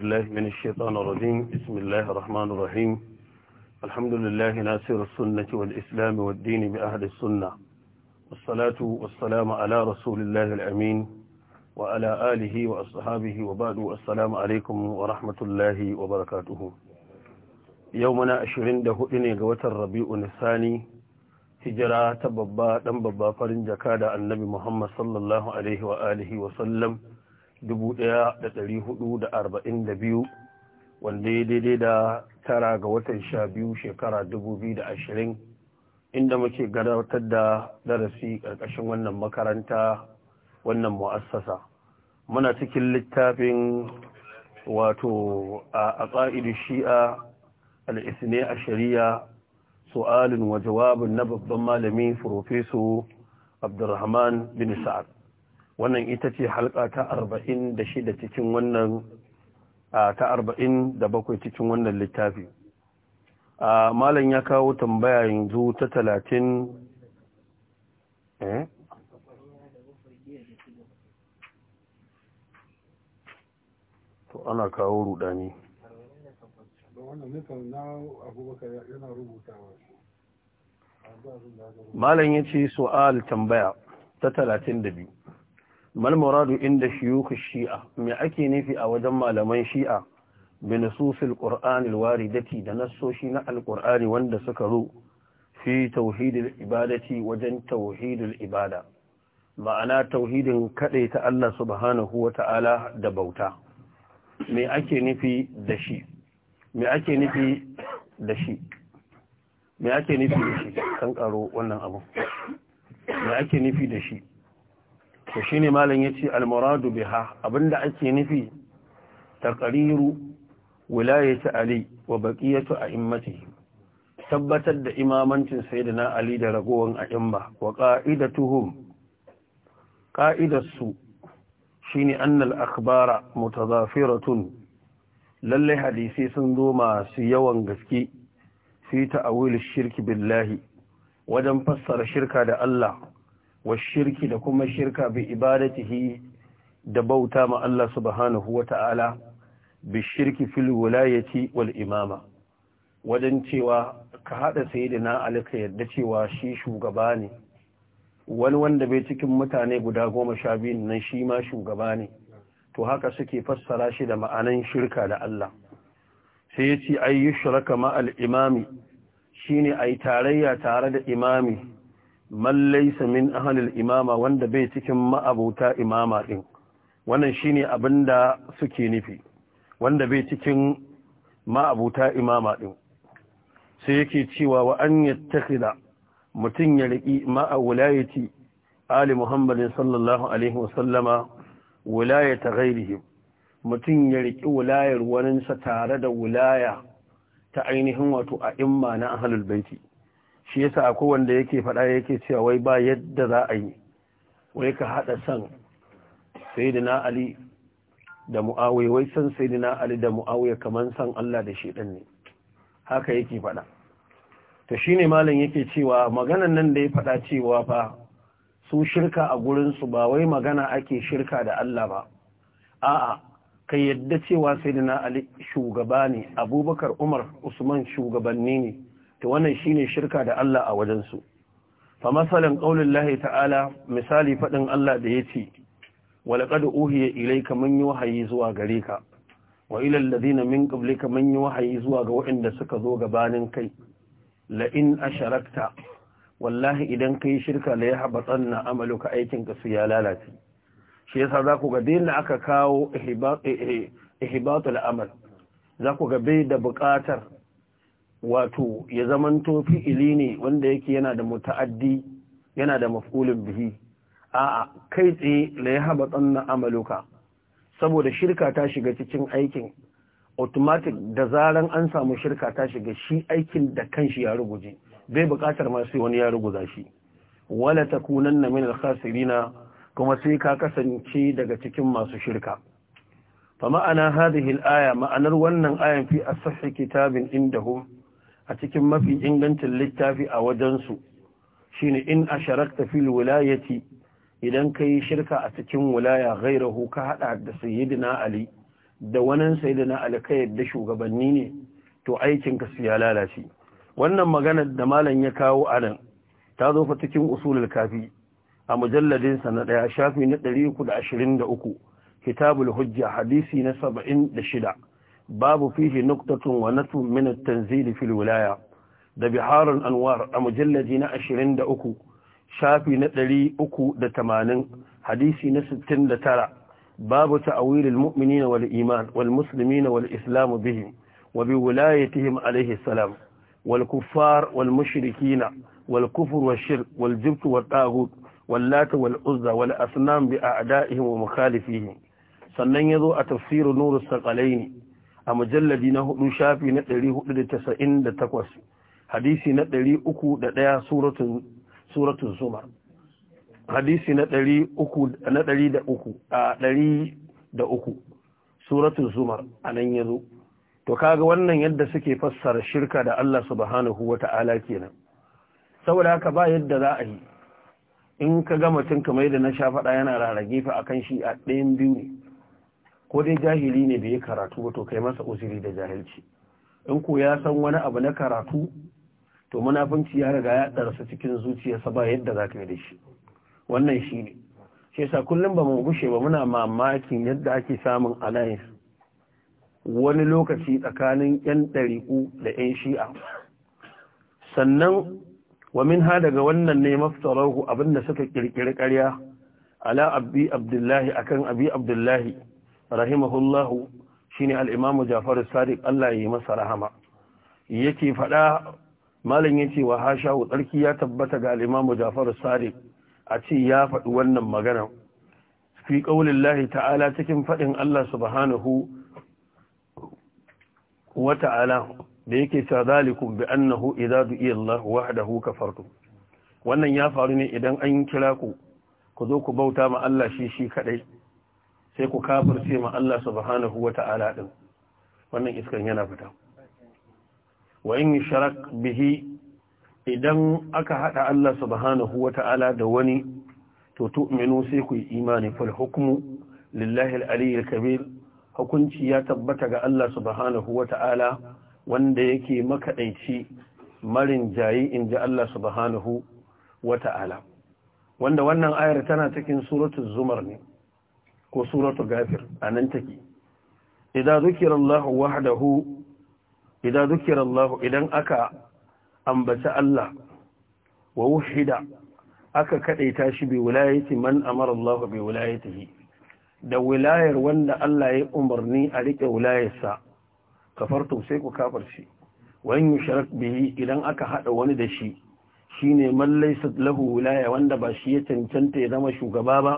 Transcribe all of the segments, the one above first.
الله من الشيطان الرجيم بسم الله الرحمن الرحيم الحمد لله ناصر السنة والإسلام والدين بأهل السنة والصلاة والسلام على رسول الله الأمين وعلى آله وأصحابه وبعد السلام عليكم ورحمة الله وبركاته يومنا أشرين دهؤني قوة الربيع الثاني هجرة ببا دم ببا فرنجكاد النبي محمد صلى الله عليه وآله وسلم biyu wanda ya daidai da tara ga watan sha biyu shekara ashirin inda muke gabatar da darasi ƙarƙashin wannan makaranta wannan mu'assasa muna cikin littafin wato a ƙa'idu shi'a al'isne a shari'a su'alin wa jawabin na babban malami furofeso abdurrahman bin sa'ad wannan ita ce halka ta arba'in da shida cikin wannan ta arba'in da bakwai cikin wannan littafi malam ya kawo tambaya yanzu ta talatin eh? to ana kawo rudani malam ya ce su'al tambaya ta talatin da biyu mal muradu inda shiyukh shi'a me ake nufi a wajen malaman shi'a bi nususil qur'anil waridati da nassoshi na alqur'ani wanda suka zo fi tauhidil ibadati wajen tauhidil ibada ma'ana tauhidin kaɗai ta Allah subhanahu wa ta'ala da bauta me ake nufi da shi me ake nufi da shi me ake nufi da shi kan karo wannan abu me ake nufi da shi to shine malam yace al-muradu biha abinda ake nufi taqriru wilayati ali wa baqiyatu a'immatihi tabbatar da imamancin sayyidina ali da ragowan a'imma wa qa'idatuhum qa'idatsu shine annal akhbara mutazafiratun lalle hadisi sun zo masu yawan gaske fi ta'awil shirki billahi wajen fassara shirka da Allah wa shirki da kuma shirka bi ibadatihi da bauta ma Allah subhanahu wa ta'ala bi shirki fil wulayati wal imama wajen cewa ka haɗa sai da na alika yarda cewa shi shugaba ne wani wanda bai cikin mutane guda goma sha biyu nan shi ma shugaba ne to haka suke fassara shi da ma'anan shirka da Allah sai ya ce ai ma al imami shi ne tarayya tare da imami man laysa min ahlil imama wanda bai cikin ma'abuta imama din wannan shine abinda suke nufi wanda bai cikin ma'abuta imama din sai yake cewa wa an yattakhida mutun ya riki ma'a ali muhammadin sallallahu alaihi wasallama wilayata ghairihim mutun ya riki wilayar waninsa tare da wulaya ta ainihin wato imma na ahlul baiti shi yasa akwai wanda yake faɗa yake cewa wai ba yadda za a yi wai ka haɗa san sayyidina ali da mu'awiya wai san sayyidina ali da mu'awiya kaman san Allah da shedan ne haka yake faɗa to shine malam yake cewa maganan nan da ya faɗa cewa fa su shirka a gurin su ba wai magana ake shirka da Allah ba a'a kai yadda cewa sayyidina ali shugaba ne abubakar umar usman shugabanni ne to wannan shine shirka da Allah a wajen su fa masalan lahi ta'ala misali faɗin Allah da ya yace walaqad uhiya ilayka yi wahayi zuwa gare ka wa ila alladhina min qablika man wahayi zuwa ga waɗanda suka zo gabanin kai lain in asharakta wallahi idan yi shirka la yahbatanna amaluka aikinka su ya lalace shi yasa za ku ga dinna aka kawo ihibatul eh, eh, amal za ku ga bai da buƙatar wato ya zamanto fi'ili ne wanda yake yana da muta'addi yana da maf'ulin bihi a'a kai tsaye la yahbatanna amaluka saboda shirka ta shiga cikin aikin automatic da zaran an samu shirka ta shiga shi aikin da kanshi ya ruguje bai buƙatar ma sai wani ya ruguza shi wala takunanna min al-khasirina kuma sai ka kasance daga cikin masu shirka fa ma'ana hadhihi al-aya ma'anar wannan ayan fi as-sahih kitabin indahum a cikin mafi ingancin littafi a wajensu shine in a sharakta fil wilayati idan ka yi shirka a cikin wilaya gairahu ka hada da sayyidina ali da wanan sayyidina ali ka yadda shugabanni ne to aikinka su ya lalace wannan magana da malam ya kawo a nan ta zo fa cikin usulul kafi a mujalladin sa na daya shafi na 323 kitabul hujja hadisi na 76 باب فيه نقطة ونتو من التنزيل في الولاية ده بحار الأنوار المجلد نأشرين ده أكو شافي نتلي أكو ده تمانين حديثي نستن ده باب تأويل المؤمنين والإيمان والمسلمين والإسلام بهم وبولايتهم عليه السلام والكفار والمشركين والكفر والشرك والجبت والطاغوت واللات والعزة والاصنام بأعدائهم ومخالفهم سننيذو أتفسير نور السقلين a mujalladi na hudu shafi na 498 hadisi na 301 suratun suratun zumar hadisi na 300 na 300 a uku suratun zumar nan yazo to kaga wannan yadda suke fassara shirka da Allah subhanahu wata'ala kenan saboda haka ba yadda za a yi in ka ga mutum kamar yadda na sha faɗa yana rarrage fa akan shi a ɗayan biyu ne ko dai jahili ne bai karatu ba to kai masa uzuri da jahilci in ko ya san wani abu na karatu to munafunci ya riga ya darasa cikin zuciyarsa ba yadda za yi da shi wannan shi ne shi sa kullum ba mu gushe ba muna mamakin yadda ake samun alliance wani lokaci tsakanin yan ɗariƙu da yan shi'a sannan wa min ha daga wannan ne maftarahu abinda suka kirkiri ƙarya ala abi abdullahi akan abi abdullahi rahimahullahu shine al-imam Ja'far sadiq Allah ya yi masa rahama yake fada malam yace wa hashahu tsarki ya tabbata ga al-imam Ja'far sadiq a ce ya faɗi wannan magana fi qaulillahi ta'ala cikin fadin Allah subhanahu wa ta'ala da yake cewa zalikum bi annahu idza du'iya Allah wahdahu kafartum wannan ya faru ne idan an kira ku ku zo ku bauta ma Allah shi shi kadai sai ku kafirce ma Allah subhanahu wa ta'ala din wannan iskan yana fita wa in sharak bihi idan aka hada Allah subhanahu wa ta'ala da wani to tu'minu sai ku yi imani fal hukmu lillahi al kabir hukunci ya tabbata ga Allah subhanahu wa ta'ala wanda yake makaɗaici marin jayi ji Allah subhanahu wa ta'ala wanda wannan ayar tana cikin suratul zumar ne ko suratu gafir a nan take idan Allah wahdahu idan zukira Allah idan aka ambaci Allah wa wahida aka kadaita shi bi wilayati man amara Allah bi wilayatihi da wilayar wanda Allah ya umarni a rike wilayarsa kafartum sai ku shi wayan yushrak bihi idan aka hada wani da shi shine man laysa lahu wilaya wanda ba shi ya cancanta ya zama shugaba ba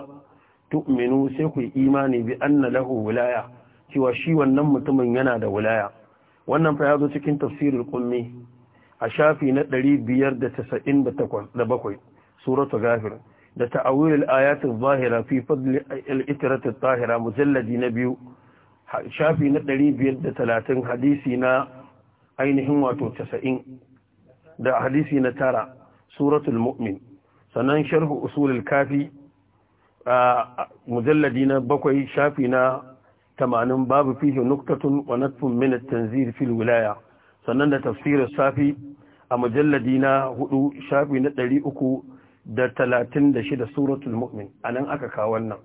tu'minu sai ku imani bi anna lahu wilaya cewa shi wannan mutumin yana da wilaya wannan fa ya zo cikin tafsirul qummi a shafi na 597 suratul ghafir da ta'awil al-ayat adh-dhahira fi fadl al-itrat adh-dhahira mujalladi na biyu shafi na 530 hadisi na ainihin wato 90 da hadisi na tara suratul mu'min sannan sharh usul al-kafi mujalladi na bakwai shafi na tamanin babu fihi nuktatun wa natfun tanzir fil wilaya sannan da tafsirar safi a mujalladi na hudu shafi na ɗari uku da talatin da shida suratul mu'min a nan aka kawo wannan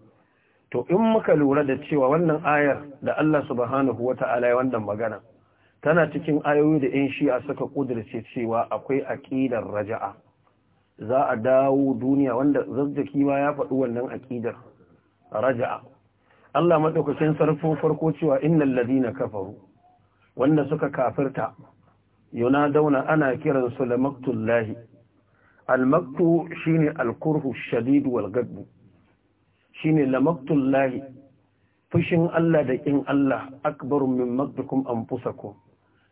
to in muka lura da cewa wannan ayar da Allah subhanahu wa ta'ala wannan magana tana cikin ayoyi da yan shi'a suka kudirce cewa akwai aƙidar raja'a za a dawo duniya wanda zazzaki ma ya faɗi wannan aƙidar raja'a Allah maɗaukacin sarfo farko cewa innal ladina kafaru wanda suka kafirta Yana dauna ana kiran su lamaktullahi al maktu shine al kurhu shadid wal gadb shine lamaktullahi fushin Allah da kin Allah akbaru min maktukum anfusakum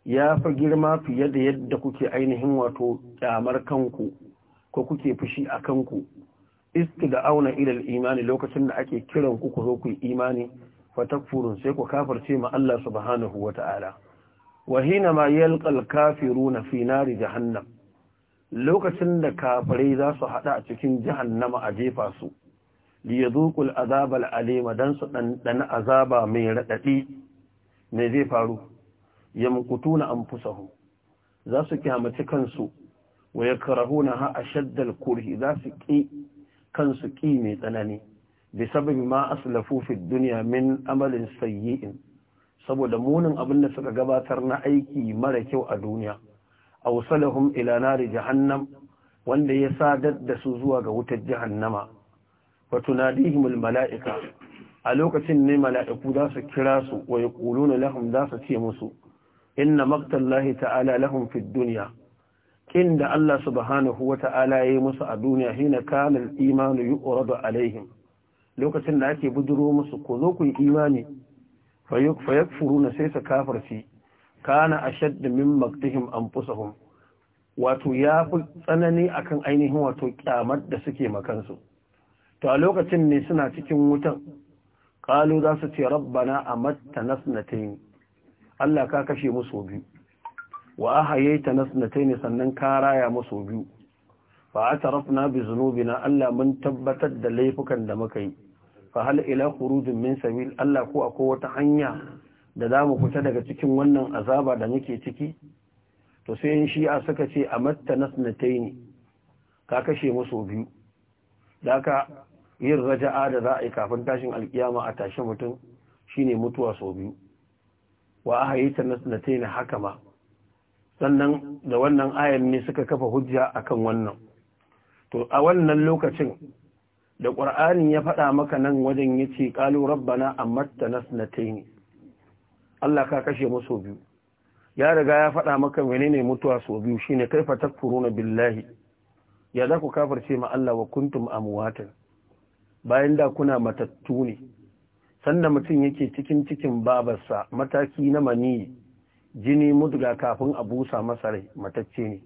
ya fa girma fiye da yadda kuke ainihin wato kyamar kanku ko kuke fushi a kanku istu da auna ilal imani lokacin da ake kiran ku ku zo ku imani imani fatakfurun sai ku kafirce ma Allah subhanahu wa ta'ala wa hina ma yalqal kafiruna fi nari jahannam lokacin da kafirai za su hada a cikin jahannama a jefa su li yadhuqul azabal alima dan su dan azaba mai radadi me zai faru yamqutuna anfusahum za su kiyamaci kansu wa ha a shaddar kurhi za su ki kansu ƙi mai tsanani bi sababi ma aslafu fi min amalin sayyi'in saboda munin abin da suka gabatar na aiki mara kyau a duniya awsalahum ila nari jahannam wanda ya sadar da su zuwa ga wutar jahannama wa tunadihimul mala'ika a lokacin ne mala'iku za su kira su wa yaquluna lahum za su ce musu inna maktallahi ta'ala lahum fid duniya. kin da Allah subhanahu wata'ala ya yi musu a duniya hina kana imani imanu alaihim lokacin da ake buduro musu ko zo ku yi imani fa na sai su kafirci kana ashadd min maktihim anfusahum wato ya fi tsanani akan ainihin wato kyamar da suke makansu to a lokacin ne suna cikin wutan kalu za su ce rabbana amatta nasnatain Allah ka kashe mu sau biyu wa ahayaita nasnatayn sannan ka raya musu biyu fa atarafna bi zunubina Allah mun tabbatar da laifukan da muka yi fa hal ila khurujin min sabil Allah ko akwai wata hanya da zamu fita daga cikin wannan azaba da muke ciki to sai shi a suka ce amatta nasnatayn ka kashe musu biyu daka yin raja'a da za a yi kafin tashin alkiyama a tashi mutum shine mutuwa sau biyu wa ahayaita haka hakama sannan da wannan ayan ne suka kafa hujja akan wannan to a wannan lokacin da ƙur'ani ya faɗa maka nan wajen yace qalu a rabbana amatta nasnataini Allah ka kashe mu so biyu ya riga ya faɗa maka menene mutuwa sau biyu shine kaifa takfuruna billahi ya za ku kafirce ma Allah wa kuntum amwatan bayan da kuna matattu ne Sannan mutum yake cikin cikin babarsa mataki na maniyi. jini mudga kafin a busa masa rai matacce ne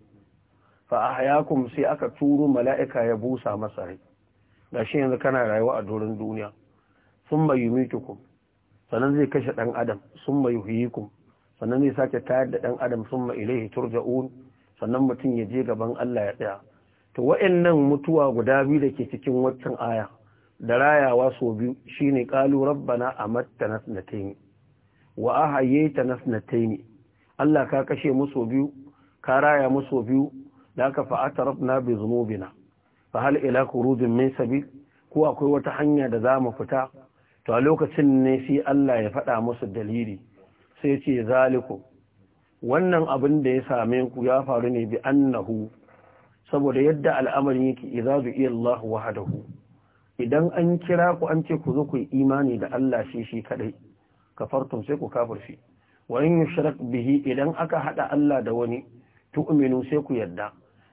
fa hayakum sai aka turo mala'ika ya busa masa rai gashi yanzu kana rayuwa a doron duniya summa yumitukum sannan zai kashe dan adam summa yuhyikum sannan zai sake tayar da dan adam summa ilaihi turja'un sannan mutum ya je gaban Allah ya tsaya to wa'annan mutuwa guda biyu da ke cikin waccan aya da rayawa sau biyu shine qalu rabbana amattana sanatayn wa ahayaitana sanatayn Allah ka kashe musu biyu ka raya musu biyu da aka fa'atarafna bi zunubina fa hal ila khurujin min sabi ko akwai wata hanya da za mu fita to a lokacin ne sai Allah ya faɗa musu dalili sai ce zaliku wannan abin da ya same ku ya faru ne bi annahu saboda yadda al'amarin yake idza bi illahu wahdahu idan an kira ku an ce ku zo ku imani da Allah shi shi kadai kafartum sai ku kafirci wa in yushrak bihi idan aka hada Allah da wani tu'minu sai ku yarda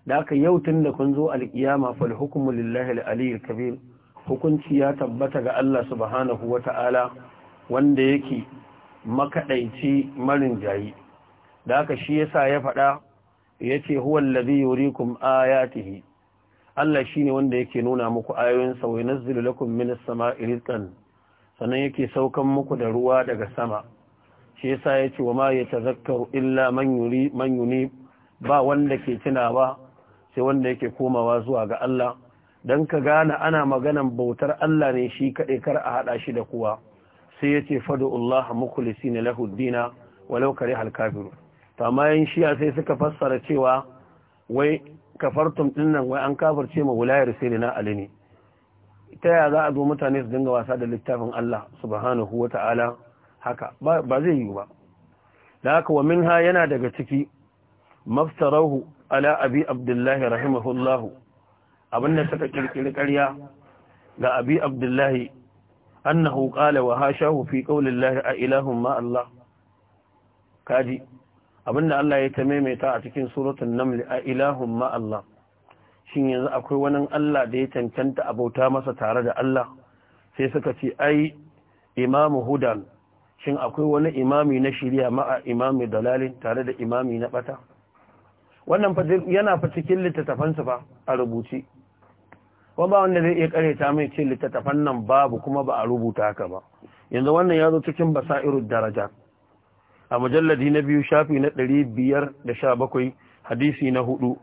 da aka yau tun da kun zo alkiyama fal hukmu lillahi al kabir hukunci ya tabbata ga Allah subhanahu wata'ala wanda yake makadaici marin jayi da aka shi yasa ya faɗa yace huwa allazi yuriikum ayatihi Allah shine wanda yake nuna muku ayoyinsa wa yunazzilu lakum minas sama'i rizqan sannan yake saukan muku da ruwa daga sama shi yasa ya ce wa ma ya tazakkaru illa man yuri man yuni ba wanda ke tunawa sai wanda yake komawa zuwa ga Allah dan ka gane ana maganan bautar Allah ne shi kaɗai kar a hada shi da kowa sai ya ce fadu'ullaha mukhlisina lahu dina walau karihal kafirun to amma yan shiya sai suka fassara cewa wai kafartum dinnan wai an kafirce ma wulayar sirina ali ne ta yaya za a zo mutane su dinga wasa da littafin Allah subhanahu wata'ala haka ba zai yi ba da haka wa minha yana daga ciki mafsarahu ala abi abdullahi rahimahullahu abinda suka kirkiri ƙarya ga abi abdullahi annahu qala wa hashahu fi qaulillahi a ilahum ma Allah kaji abinda Allah ya ta maimaita a cikin suratul naml a ilahum ma Allah shin yanzu akwai wani Allah da ya cancanta abauta masa tare da Allah sai suka ce ai imamu hudan shin akwai wani imami na shirya ma'a imami dalalin tare da imami na bata wannan yana fa cikin littattafansa fa a rubuce Ko ba wanda zai iya kareta mai ce littattafan nan babu kuma ba a rubuta haka ba yanzu wannan ya zo cikin basairu daraja a mujalladi na biyu shafi na 517 hadisi na hudu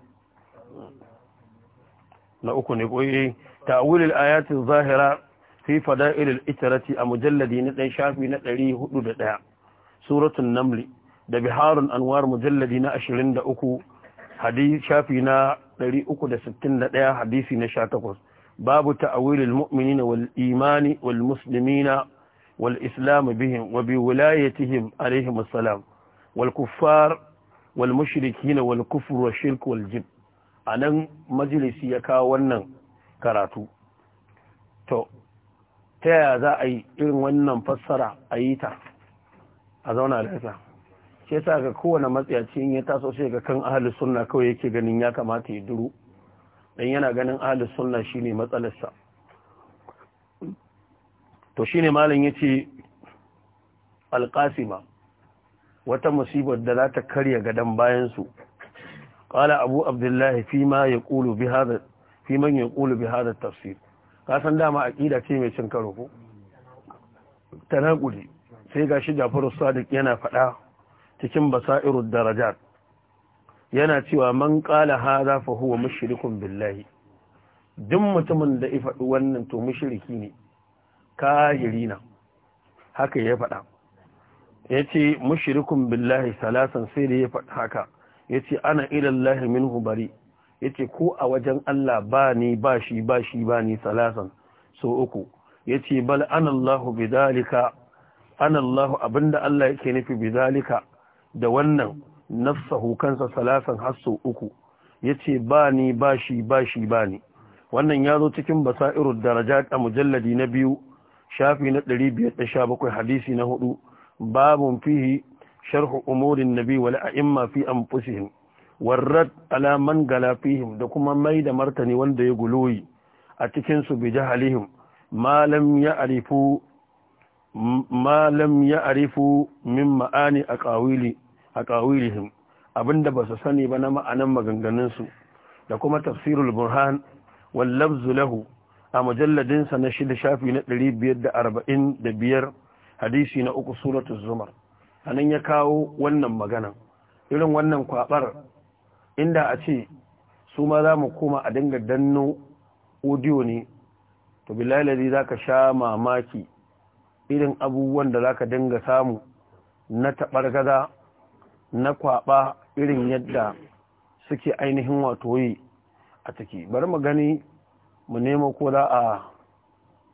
na uku ne koyi eh, ta'wilul ayatin zahira fi fada'ilul itarati a mujalladi na ɗan shafi na ɗari da ɗaya suratun naml da biharul anwar mujalladi na ashirin 23 hadisi shafi na ɗari uku da da sittin ɗaya hadisi na sha takwas babu ta'awilul mu'minina wal imani wal muslimina wal islam bihim wa bi wilayatihim alaihim assalam wal kuffar wal mushrikin wal kufr wal shirk wal jinn anan majalisi ya kawo wannan karatu to ta yaya za a yi irin wannan fassara a yi ta a zauna da lafiya shi yasa ga kowane matsayaci in ya taso sai ga kan ahli sunna kawai yake ganin ya kamata ya duru dan yana ganin ahli sunna ne matsalarsa to shi shine malam yace alqasima wata musibar da za ta karya gadan bayan su ƙala abu abdullahi fi man ƙulu bi hada tafsir ka san dama aƙida ce mai cin karo ko ta tanakuli sai gashi Jafaru Sadiq yana faɗa cikin basa'iru darajat yana cewa man qala hadha fa huwa mushrikun billahi duk mutumin da ya faɗi wannan to mushriki ne kahirina haka ya faɗa yace mushrikun billahi salasan sai da ya faɗa haka yace ana ila minhu bari yace ko a wajen Allah ba ni ba shi ba shi ba ni salasan so uku yace bal anallahu bidalika anallahu abinda Allah yake nufi bidalika da wannan nafsahu kansa salasan har so uku yace ba ni ba shi ba shi ba ni wannan ya zo cikin basairu daraja a mujalladi na biyu shafi na 517 hadisi na hudu babun fihi sharhu umurin nabi wal a'imma fi anfusihim warrad alaman man da kuma mai da martani wanda ya guloyi a cikin su bi jahalihim ma lam min ma'ani aqawili aqawilihim abinda ba su sani ba na ma'anan maganganunsu su da kuma tafsirul burhan wal lafzu lahu a mujalladin sa na shida shafi na 545 hadisi na uku suratul zumar anan ya kawo wannan magana irin wannan kwabar inda a ce su ma za mu koma a dinga danno audio ne to bilalari za ka sha mamaki irin abubuwan da za ka dinga samu na taɓar taɓargaza na kwaɓa irin yadda suke ainihin wato yi a ciki bari mu gani mu nemo ko za a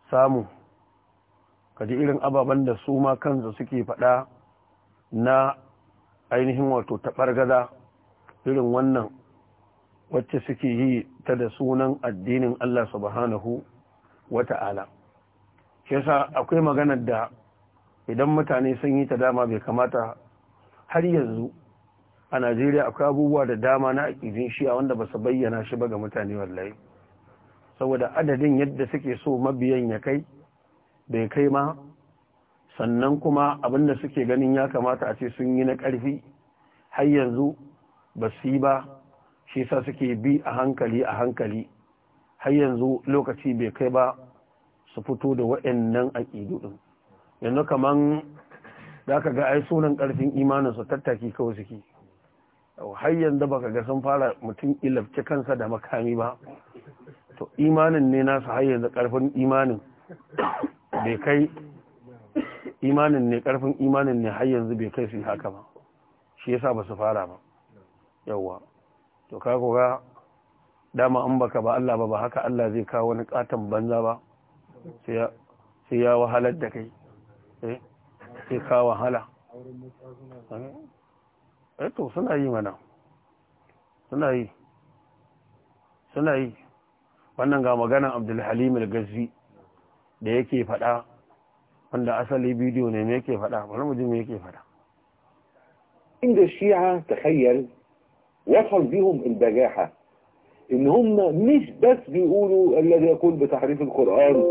samu kaji irin ababen da su ma kansu suke faɗa na ainihin wato taɓar taɓargaza irin wannan wacce suke yi ta da sunan addinin Allah subhanahu wa ta'ala. Shesa akwai maganar da idan mutane sun yi ta dama bai kamata har yanzu a Najeriya akwai abubuwa da dama na aƙidin shiya wanda ba su bayyana shi ba ga mutane wallahi. Saboda adadin yadda suke so mabiyan ya kai, bai kai ma, sannan kuma abinda suke ganin ya kamata a ce sun yi na ƙarfi har yanzu ba ba shi sa suke bi a hankali a hankali har yanzu lokaci bai kai ba su fito da waɗannan aƙidu ɗin yanzu kaman za ka ga ai sunan ƙarfin imanin su tattaki kawai suke har yanzu ba ga sun fara mutum ilabci kansa da makami ba to imanin ne nasu har yanzu ƙarfin imanin bai kai imanin ne ƙarfin imanin ne har yanzu bai kai su haka ba shi yasa ba su fara ba yawwa to ka ga dama an baka ba Allah ba ba haka Allah zai kawo wani katon banza ba sai ya wahalar da kai eh, sai ka wahala eh to suna yi mana suna yi suna yi wannan ga maganan abdulhalim al-gazzi da yake fada wanda asali bidiyo ne me yake fada bari mu ji me yake fada inda shi'a takhayyal وصل بيهم البجاحة ان هم مش بس بيقولوا الذي يقول بتحريف القرآن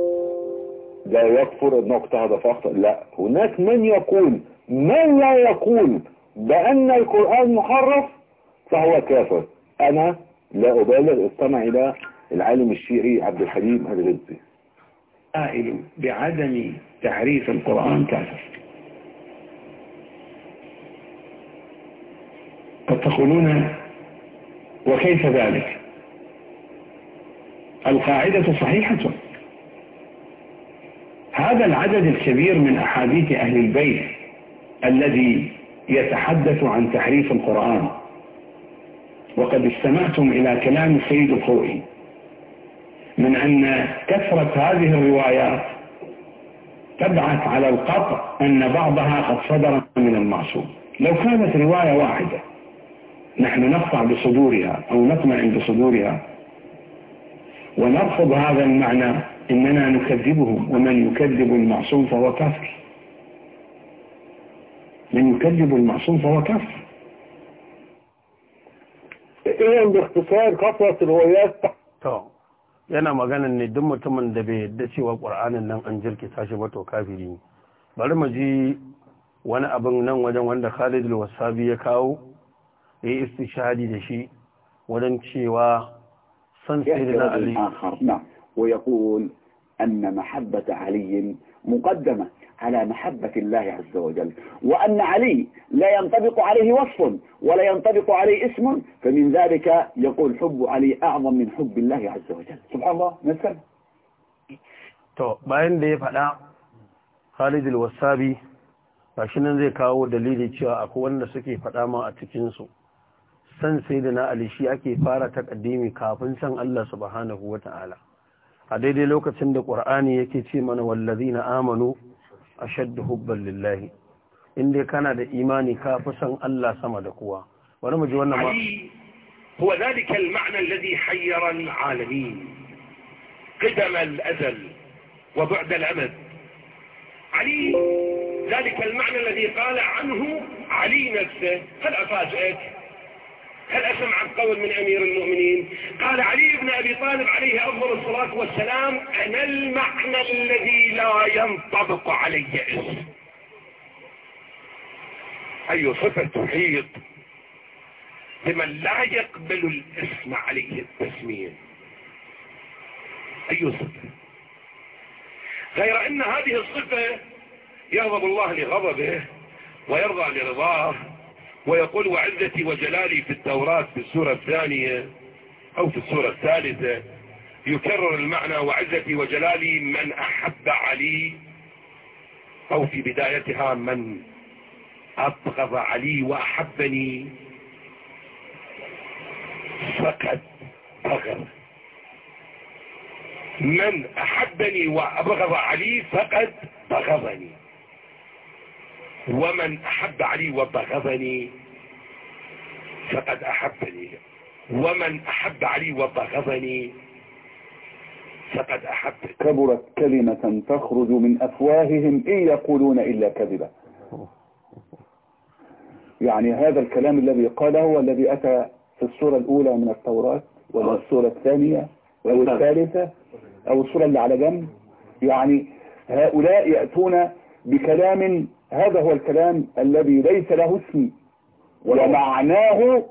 لا يكفر ان اقتهد فاخطأ لا هناك من يقول من لا يقول بان القرآن محرف فهو كافر انا لا ابالغ استمع الى العالم الشيعي عبد الحليم الغزي قائل بعدم تحريف القرآن كافر قد تقولون وكيف ذلك القاعدة صحيحة هذا العدد الكبير من أحاديث أهل البيت الذي يتحدث عن تحريف القرآن وقد استمعتم إلى كلام سيد الخوئي من أن كثرة هذه الروايات تبعث على القطع أن بعضها قد صدر من المعصوم لو كانت رواية واحدة نحن نقطع بصدورها أو نطمئن بصدورها ونرفض هذا المعنى إننا نكذبهم ومن يكذب المعصوم فهو كافر من يكذب المعصوم فهو كافر ايه باختصار قطرة الروايات ينا ما قال ان دم مطمئن ده بيدسي وقرآن ان انجل كتاش بطو كافرين بل ما وانا ابن نن وجن وانا خالد الوصابي يكاو ya yi istishadi da shi wajen cewa san sayyidina Ali ويقول أن محبة علي مقدمة على محبة الله عز وجل وأن علي لا ينطبق عليه وصف ولا ينطبق عليه اسم فمن ذلك يقول حب علي أعظم من حب الله عز وجل سبحان الله نسأل to bayan da ya faɗa Khalid al-Wasabi gashi nan zai kawo dalili cewa akwai wanda suke faɗa ma a cikin su san sai da na ali shi ake fara takaddimi kafin san Allah subhanahu wa ta'ala a daidai lokacin da ƙur'ani yake ce mana wallazi na amanu a shadda hubban lillahi inda kana da imani ka fi san Allah sama da kuwa wani mu ji wannan ma هو ذلك المعنى الذي حير العالمين قدم الأزل وبعد الأمد علي ذلك المعنى الذي قال عنه علي نفسه هل أفاجئك هل أسمع القول من أمير المؤمنين قال علي بن أبي طالب عليه أفضل الصلاة والسلام أنا المعنى الذي لا ينطبق علي اسم أي صفة تحيط بمن لا يقبل الاسم عليه التسمية أي صفة غير أن هذه الصفة يغضب الله لغضبه ويرضى لرضاه ويقول وعزتي وجلالي في التوراة في السورة الثانية أو في السورة الثالثة يكرر المعنى وعزتي وجلالي من أحب علي أو في بدايتها من أبغض علي وأحبني فقد بغض من أحبني وأبغض علي فقد بغضني ومن أحب علي وبغضني فقد أحبني ومن أحب علي وبغضني فقد أحبني كبرت كلمة تخرج من أفواههم إن يقولون إلا كذبا يعني هذا الكلام الذي قاله هو الذي أتى في السورة الأولى من التوراة ولا السورة الثانية أو الثالثة أو السورة اللي على جنب يعني هؤلاء يأتون بكلام هذا هو الكلام الذي ليس له اسم ومعناه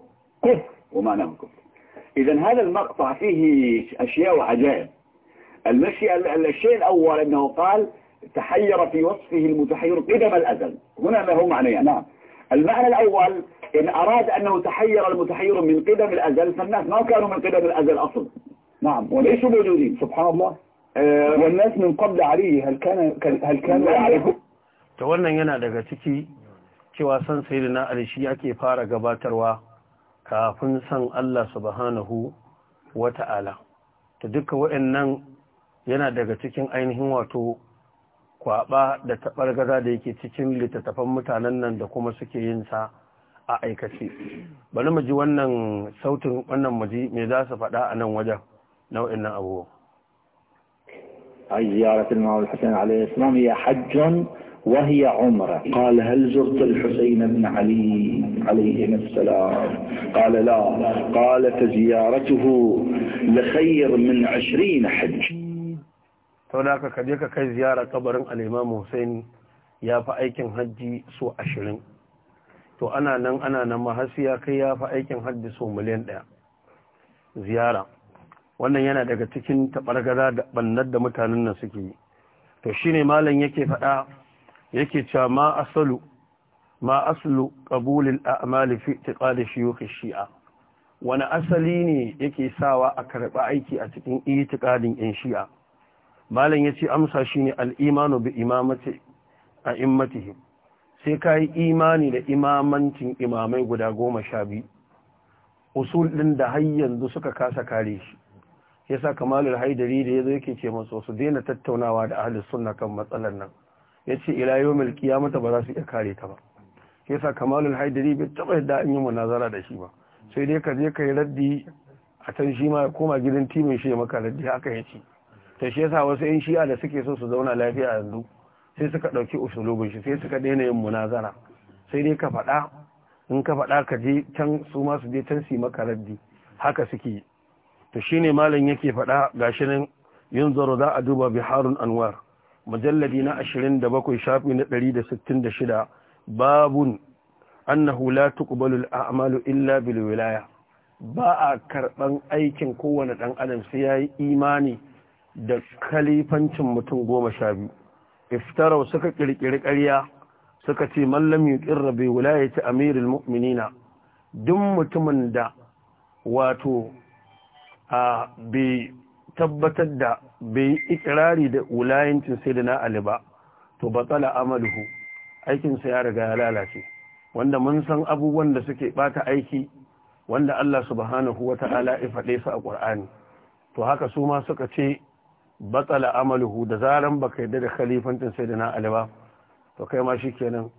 كفر ومعناه كفر إذا هذا المقطع فيه أشياء وعجائب المشي الشيء الأول أنه قال تحير في وصفه المتحير قدم الأزل هنا ما هو معنى يعني؟ نعم المعنى الأول إن أراد أنه تحير المتحير من قدم الأزل فالناس ما كانوا من قدم الأزل أصلا نعم وليسوا موجودين سبحان الله آه. والناس من قبل عليه هل كان هل كانوا يعرفون ta wannan yana daga ciki cewa san sayyidina na shi ake fara gabatarwa kafin san Allah subhanahu ta’ala ta duka waɗannan yana daga cikin ainihin wato kwaba da gaza da yake cikin littattafan mutanen nan da kuma suke yin sa a aikace bari mu ji wannan sautin wannan muji me za su faɗa a nan wajen nau'in nan abubuwa. Hajji ya rasu Hassan Alayhi Islam ya hajjon وهي عمرة قال هل زرت الحسين بن علي عليهما السلام قال لا قال فزيارته لخير من عشرين حج هناك كذلك كي زيارة قبر الإمام حسين يا فأيك aikin hajji عشرين ashirin to ana nan ana nan mahasi ya kai ya fi aikin hajji so miliyan ɗaya ziyara wannan yana daga cikin taɓargaza da bannar da mutanen nan suke to shine ne malam yake fada yake cewa ma asalu ma aslu qabulil a'mal fi i'tiqad shuyukh shi'a wani asali ne yake sawa a karba aiki a cikin i'tiqadin yan shi'a malam yace amsa shine al-imanu bi imamati a'immatihim sai kai imani da imamancin imamai guda goma sha biyu usul din da har yanzu suka kasa kare shi yasa kamalul haidari da yazo yake ce masa su daina tattaunawa da ahlus sunna kan matsalar nan ya ce ila yau milki ya mata ba za su iya kare ta ba ke sa kamalul haidari bai taɓa yadda an yi munazara da shi ba sai dai ka je ka yi raddi a can shi ma koma gidan timin shi ya maka raddi haka ya ce ta shi yasa wasu yan shi'a da suke so su zauna lafiya yanzu sai suka ɗauki usulubin shi sai suka daina yin munazara sai dai ka faɗa in ka faɗa ka je can su ma su je can su yi maka raddi haka suke to shine malam yake faɗa gashi nan yanzu za a duba biharun anwar mujalladi na 27 shafi na 166 babun annahu la tuqbalu al-a'malu illa bil wilaya ba a karban aikin kowane dan adam sai yayi imani da kalifancin mutum goma sha biyu iftarau suka kirkiri ƙarya suka ce mallam yuqirra bi wilayati amiril mu'minina duk mutumin da wato a bi tabbatar da bai ikirari da wulayancin sai da na Ali ba to batsala amaluhu aikinsa ya riga ya lalace wanda mun san abubuwan da suke bata aiki wanda Allah subhanahu wataala ya faɗe su a ƙur'ani to haka su ma suka ce batsala amaluhu da zaran baka yarda da khalifancin sai da na Ali to kai ma shikenan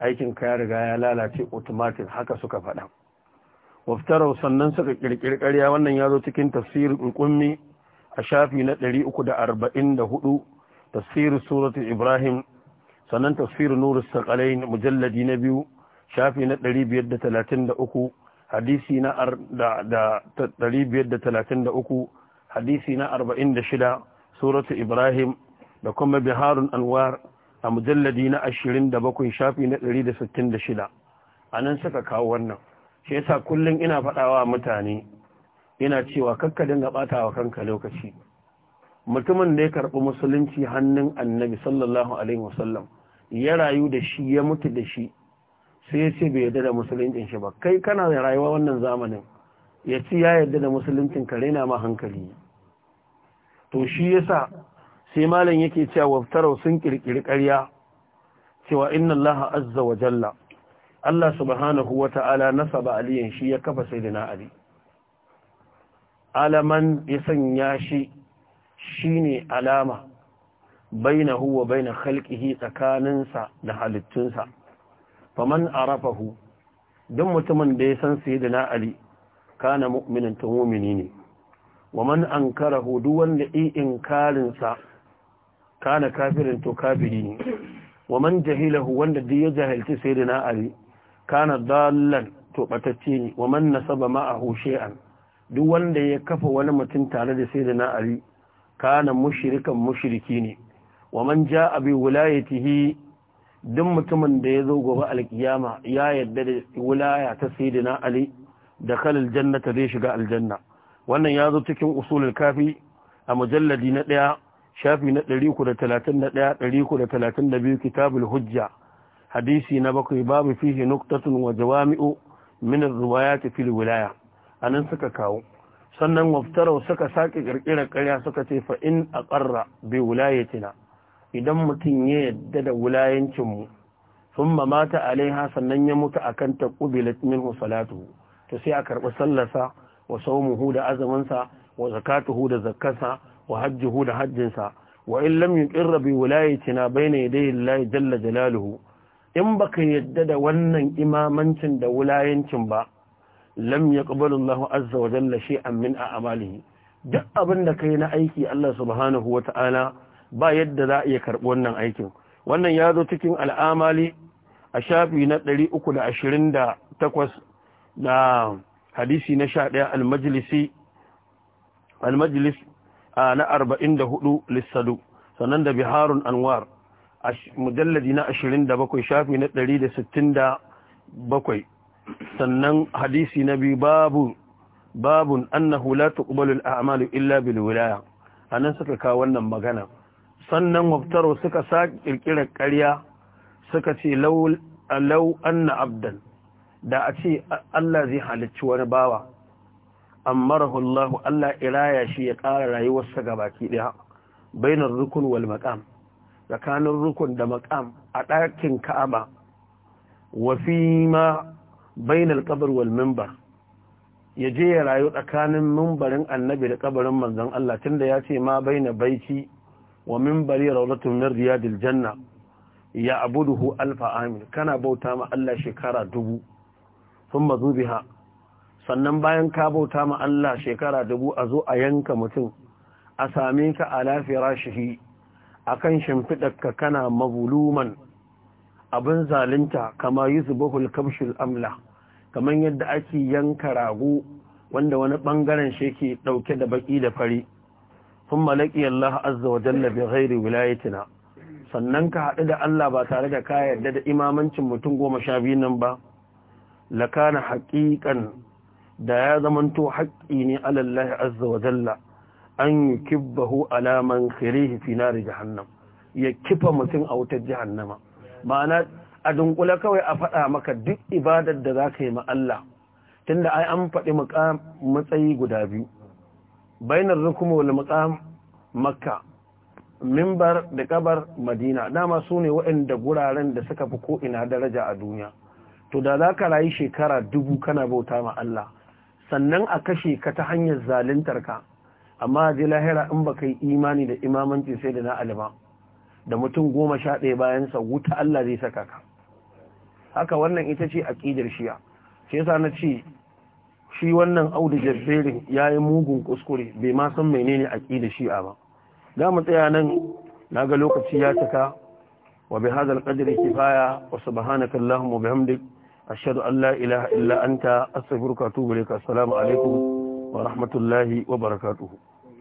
aikin ka ya riga ya lalace automatic haka suka faɗa waftarau sannan suka kirkiri ƙarya wannan ya zo cikin tafsirin ƙummi a shafi na 344 tafsirin suratu ibrahim sannan tafsirin nuru sakalai mujalladi na biyu shafi na 533 hadisi na 533 hadisi na 46 suratu ibrahim da kuma biharun anwar a mujalladi na 27 shafi na 166 a nan suka kawo wannan shi yasa kullum ina faɗawa mutane yana cewa ka dinga bata wa kanka lokaci mutumin da ya karɓi musulunci hannun annabi sallallahu alaihi wasallam ya rayu da shi ya mutu da shi sai ya ce bai yarda da musuluncin shi ba kai kana da rayuwa wannan zamanin ya ci ya yarda da musuluncin ka rena ma hankali to shi yasa sai malam yake cewa waftarau sun kirkiri ƙarya cewa inna Allah azza wa jalla Allah subhanahu wa ta'ala nasaba aliyan shi ya kafa sayyidina Ali alaman ya sanya shi shine alama huwa bai na khalqihi tsakaninsa da halittunsa faman arafahu don mutumin da ya san sai da na'ali kana mu'minin ta mu'mini ne wa man kara hudu wanda yi karinsa kana kafirin to kafiri ne wa man jahilahu wanda duk ya jahilci sai da na'ali kana dalilan to ɓatacce ne wa man nasaba ma'ahu shi'an duk wanda ya kafa wani mutum tare da sai da na kana mushirikan mushiriki ne wa man ja abi wulayatihi duk mutumin da ya zo gobe alkiyama ya yadda da wulaya ta sai na ali da kalal jannata zai shiga aljanna wannan ya zo cikin usulul kafi a mujalladi na 1 shafi na 331 332 kitabul hujja hadisi na bakwai babu fihi nuktatun wa jawami'u min ar-riwayat fil wilaya a nan suka kawo sannan waftarau suka sake ƙirƙirar ƙarya suka ce fa in a ƙarra bai wulayatina idan mutum ya yadda da wulayancinmu sun mamata alaiha sannan ya mutu a kan ta ƙubilat minhu salatu to sai a karɓi sallarsa wa saumuhu da azamansa wa zakatuhu da zakkansa wa hajjuhu da hajjinsa wa in lam yuqirra bi wulayatina bayna yadayi Allah jalla jalaluhu in baka yadda da wannan imamancin da wulayancin ba lam yaqbalu Allahu azza wa jalla shay'an min a'malihi duk abin da kai na aiki Allah subhanahu wa ta'ala ba yadda za a iya karɓi wannan aikin wannan ya zo cikin al'amali a shafi na 328 da hadisi na 11 al-majlisi al-majlis na 44 lissadu sannan da biharun anwar mujalladi na 27 shafi na 167 sannan hadisi na biyu babun annahu la tuqbalu al-a'malu illa bil wilaya anan suka kawo wannan magana sannan waftaro suka sa kirkirar ƙarya suka ce law law anna abdan da a ce Allah zai halicci wani bawa amarahu Allah Allah iraya shi ya ƙara rayuwarsa gabaki daya bainar rukun wal maqam tsakanin rukun da maqam a ɗakin Ka'aba wa fi ma bainal qabr wal ya je ya rayu tsakanin mimbarin annabi da kabarin manzon Allah tunda ya ce ma baina baici wa mimbari rawlatun min riyadil janna ya abuduhu alfa amin kana bauta ma Allah shekara dubu thumma zubiha sannan bayan ka bauta ma Allah shekara dubu a zo a yanka mutum a same ka a lafira shi akan shimfidarka kana mabuluman abin zalunta kama yusbahul kabshul amla kamar yadda ake yanka rago wanda wani bangaren shi ke dauke da baki da fari sun malaki Allah azza wa jalla bi ghairi wilayatina sannan ka haɗu da Allah ba tare da ka yarda da imamancin mutum goma sha biyu nan ba lakana haƙiƙan da ya zamanto haƙƙi ne alallahi azza wa jalla an yi kibbahu alaman khirihi fi nari jahannam ya kifa mutum a wutar jahannama ma'ana a dunkule kawai a faɗa maka duk ibadar da za ka yi ma Allah tunda ai an faɗi matsayi guda biyu bainar rukumo da matsayin makka mimbar da kabar madina dama su ne waɗanda guraren da suka fi ko'ina daraja a duniya to da za ka rayu shekara dubu kana bauta ma Allah sannan a kashe ka ta hanyar zaluntar ka amma a ji lahira in ba ka yi imani da imamanci sai da na alima da mutum goma sha ɗaya bayansa wuta Allah zai saka ka haka wannan ita ce aƙidar shiya shi yasa na ce shi wannan audu jabberin ya yi mugun kuskure bai ma san menene aƙidar shi'a ba da mu tsaya nan na ga lokaci ya cika wa bi hadal qadri kifaya wa subhanaka allahumma bihamdik ashhadu an la ilaha illa anta astaghfiruka wa atubu ilaik assalamu alaikum wa rahmatullahi wa barakatuh